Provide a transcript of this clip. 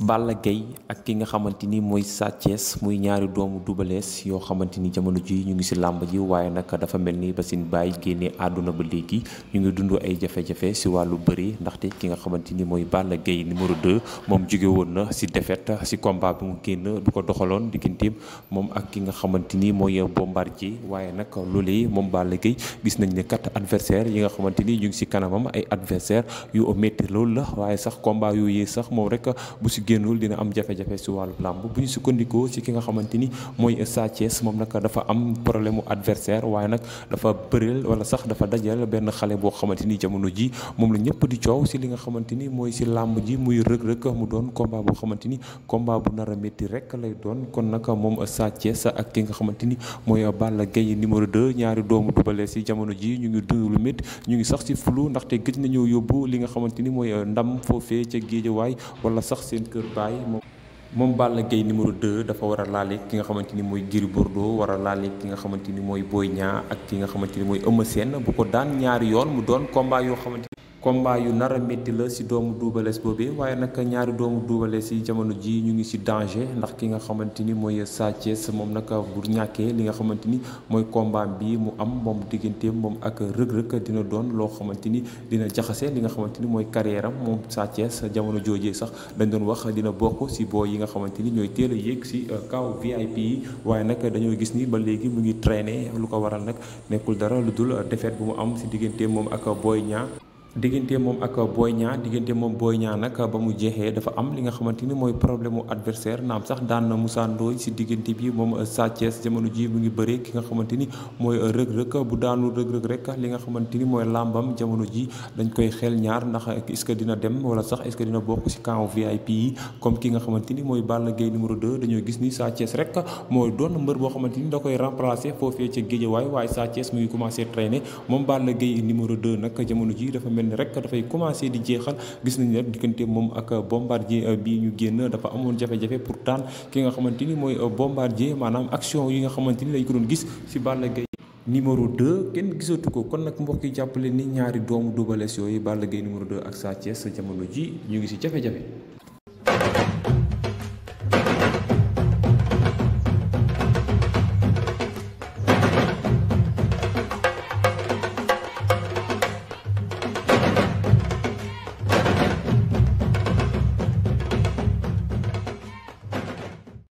Balla Gaye ak ki nga xamante ni mooy Sa Thiès muy ñaari doomu Double yoo xamante ni jamono ji ñu ngi si làmb ji waaye nag dafa mel ni ba seen bàyyi génnee àdduna ba léegi ñu ngi dund ay jafe-jafe ci wàllu bëri ndaxte ki nga xamante ni mooy Balla Gaye numéro 2 moom jóge woon na ci défaite ci combat bi mu génn du ko doxaloon digganteem moom ak ki nga xamante ni mooy Bombardier waaye nag loolee moom Balla Gaye gis nañ ne kat adversaire yi nga xamante ni ñu ngi ci kanamam ay adversaire yu métti loolu la waaye sax combat yooyu sax moom rek bu ci génnul dina am jafe-jafe si wàllu làmb bu ñu sukkandikoo si ki nga xamante ni mooy Sa moom nag dafa am problème mu adversaire waaye nag dafa bëreel wala sax dafa dajal benn xale boo xamante ni jamono ji moom la ñëpp di coow si li nga xamante ni mooy si làmb ji muy rëg-rëg mu doon combat boo xamante ni combat bu nar a métti rek lay doon kon nag moom Sa ak ki nga xamante ni mooy Balla Gaye numéro 2 ñaari doomu dubale si jamono ji ñu ngi dund lu ñu ngi sax si fulu ndaxte gëj nañoo yóbbu li nga xamante ni mooy ndam foofe ca géejawaay wala sax seen kër Kër Baye moom. moom Balla Gaye numéro 2 dafa war a laale ki nga xamante ni mooy Gris Bordeaux war a laale ki nga xamante ni mooy booy Niang ak ki nga xamante ni mooy Eumeu Sène bu ko daan ñaari yoon mu doon combat yoo xamante ni combat yu nara a métti la si doomu duubalees boobee waaye nag ñaari doomu duubalees yi jamono ji ñu ngi si danger ndax ki nga xamante ni mooy Sa moom nag bu ñàkkee li nga xamante ni mooy combat bi mu am moom digganteem moom ak rëg-rëg dina doon loo xamante ni dina jaxase li nga xamante ni mooy carrière am moom Sa jamono joojee sax dañ doon wax dina bokk si boo yi nga xamante ni ñooy teel a yéeg si euh, kaw VIP yi waaye nag dañoo gis ni ba léegi mu ngi traîner lu ko waral nag nekkul dara lu dul euh, défaite bu mu am si digganteem moom ak Boy Niang diggante moom ak Boy Niang diggante moom Boy Niang nag ba mu jeexee dafa am li nga xamante ni mooy problème mu adversaire naam sax daan na Moussa Ndoye si diggante bi moom Sa Thiès jamono mu ngi bëree ki nga xamante ni mooy rëg-rëg bu daanu rëg-rëg rek li nga xamante ni mooy làmbam jamono ji dañ koy xel ñaar ndax est-ce que dina dem wala sax est-ce que dina bokk si camp VIP yi comme ki nga xamante ni mooy Balla géey numéro 2 dañoo gis ni Sa Thiès rek mooy doon mbër boo xamante ni da koy remplacer foofee ca Guédiawaye waaye Sa Thiès mu ngi commencé traîner moom Balla Gaye numéro 2 nag jamono ji dafa ni rek dafay commencé di jeexal gis nañ ne diggante moom ak bombardier euh, bii ñu génn dafa amoon jafe-jafe pour taan ki nga xamante ni mooy euh, bombardier maanaam action yi nga xamante ni lañ ko doon gis ci Balla Gaye numéro 2 kenn gisatu ko kon nag mbokk yi jàppale ni ñaari doomu Double Less yooyu Balla Gaye numéro 2 ak Sa Thiès sa jamono ji ñu ngi si jafe-jafe